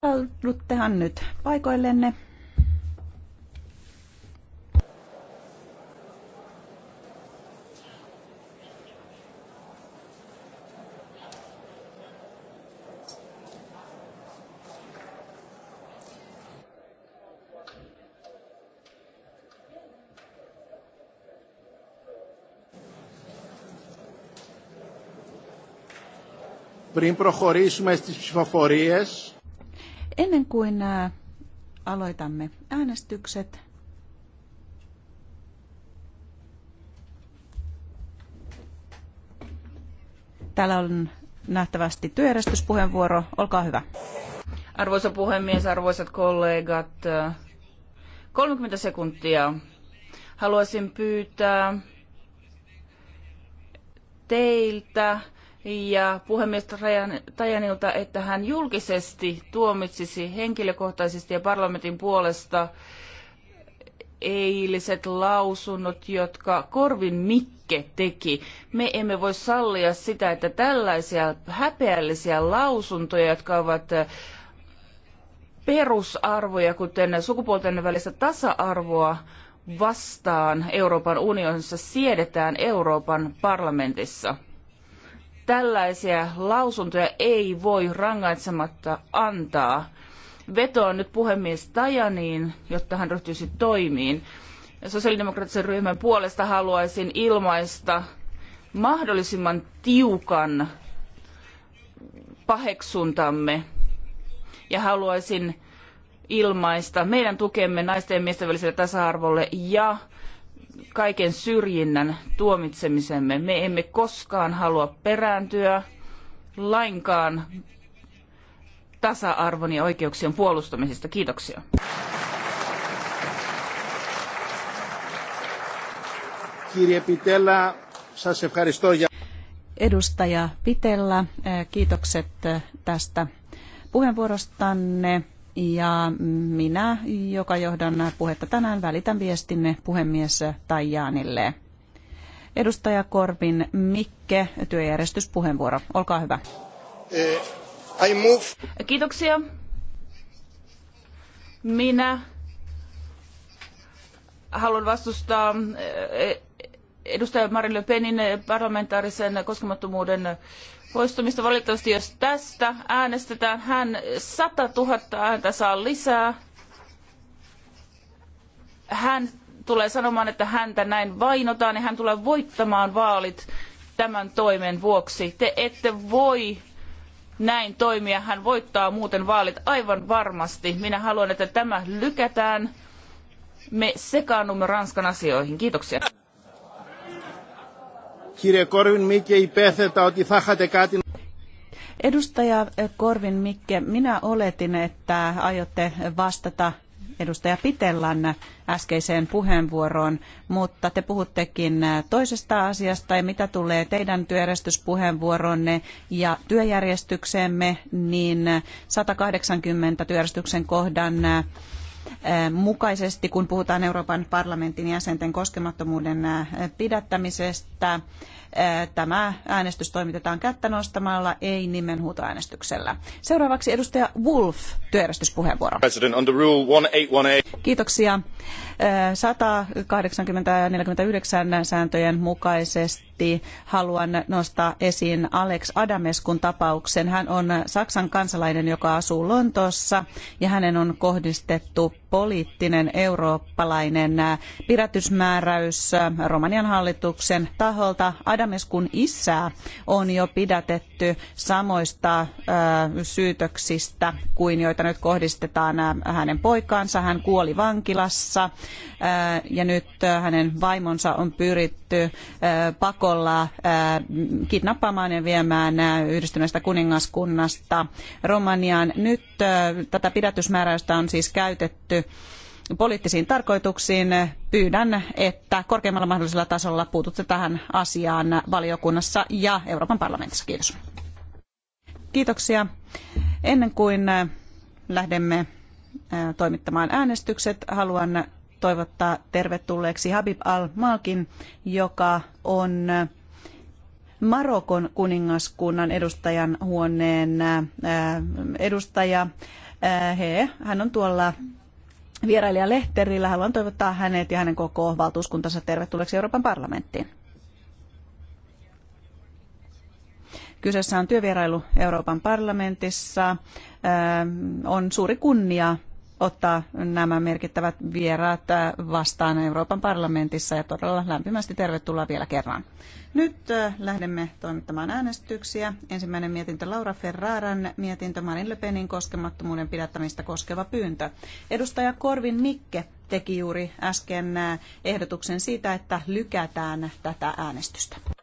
Paututtehan nyt paikoillenne. Πριν προχωρήσουμε στις ψηφοφορίες, Ennen kuin aloitamme äänestykset, Täällä on nähtävästi työjärjestyspuheenvuoro. Olkaa hyvä. Arvoisa puhemies, arvoisat kollegat, 30 sekuntia. Haluaisin pyytää teiltä ja puhemies Tajanilta, että hän julkisesti tuomitsisi henkilökohtaisesti ja parlamentin puolesta eiliset lausunnot, jotka Korvin Mikke teki. Me emme voi sallia sitä, että tällaisia häpeällisiä lausuntoja, jotka ovat äh, perusarvoja, kuten sukupuolten välistä tasa-arvoa vastaan Euroopan unionissa, siedetään Euroopan parlamentissa tällaisia lausuntoja ei voi rangaitsematta antaa. Vetoon nyt puhemies Tajaniin, jotta hän ryhtyisi toimiin. Sosiaalidemokraattisen ryhmän puolesta haluaisin ilmaista mahdollisimman tiukan paheksuntamme ja haluaisin ilmaista meidän tukemme naisten ja miesten väliselle tasa-arvolle ja kaiken syrjinnän tuomitsemisemme. Me emme koskaan halua perääntyä lainkaan tasa-arvon ja oikeuksien puolustamisesta. Kiitoksia. Edustaja Pitella, kiitokset tästä puheenvuorostanne. Ja minä, joka johdan puhetta tänään, välitän viestinne puhemies Tajanille. Edustaja Korvin Mikke, työjärjestyspuheenvuoro. Olkaa hyvä. Eh, I move. Kiitoksia. Minä haluan vastustaa eh, edustaja Marine Le Penin parlamentaarisen koskemattomuuden poistumista. Valitettavasti jos tästä äänestetään, hän 100 000 ääntä saa lisää. Hän tulee sanomaan, että häntä näin vainotaan ja hän tulee voittamaan vaalit tämän toimen vuoksi. Te ette voi näin toimia. Hän voittaa muuten vaalit aivan varmasti. Minä haluan, että tämä lykätään. Me sekaannumme Ranskan asioihin. Kiitoksia. Κύριε Κόρβιν Μίκε, υπέθετα ότι θα είχατε κάτι... Edustaja Korvin Mikke, minä oletin, että aiotte vastata edustaja Pitellan äskeiseen puheenvuoroon, mutta te puhuttekin toisesta asiasta ja mitä tulee teidän työjärjestyspuheenvuoronne ja työjärjestykseemme, niin 180 työjärjestyksen kohdan mukaisesti, kun puhutaan Euroopan parlamentin jäsenten koskemattomuuden pidättämisestä. Tämä äänestys toimitetaan kättä nostamalla, ei nimenhuutoäänestyksellä. Seuraavaksi edustaja Wolf, työjärjestyspuheenvuoro. Kiitoksia. 189 sääntöjen mukaisesti debattia haluan nostaa esiin Alex Adameskun tapauksen. Hän on Saksan kansalainen, joka asuu Lontoossa ja hänen on kohdistettu poliittinen eurooppalainen äh, pidätysmääräys äh, Romanian hallituksen taholta. Adameskun isää on jo pidätetty samoista äh, syytöksistä kuin joita nyt kohdistetaan hänen poikaansa. Hän kuoli vankilassa ja nyt hänen vaimonsa on pyritty pyritty pakolla kidnappaamaan ja viemään yhdistyneestä kuningaskunnasta Romaniaan. Nyt tätä pidätysmääräystä on siis käytetty poliittisiin tarkoituksiin. Pyydän, että korkeimmalla mahdollisella tasolla puututte tähän asiaan valiokunnassa ja Euroopan parlamentissa. Kiitos. Kiitoksia. Ennen kuin lähdemme toimittamaan äänestykset, haluan toivottaa tervetulleeksi Habib al-Malkin, joka on Marokon kuningaskunnan edustajan huoneen äh, edustaja. Äh, he, hän on tuolla vierailija. lehterillä. Haluan toivottaa hänet ja hänen koko valtuuskuntansa tervetulleeksi Euroopan parlamenttiin. Kyseessä on työvierailu Euroopan parlamentissa. Äh, on suuri kunnia ottaa nämä merkittävät vieraat äh, vastaan Euroopan parlamentissa ja todella lämpimästi tervetuloa vielä kerran. Nyt äh, lähdemme toimittamaan äänestyksiä. Ensimmäinen mietintö Laura Ferraran, mietintö Marin Le Penin koskemattomuuden pidättämistä koskeva pyyntö. Edustaja Korvin Mikke teki juuri äsken äh, ehdotuksen siitä, että lykätään tätä äänestystä.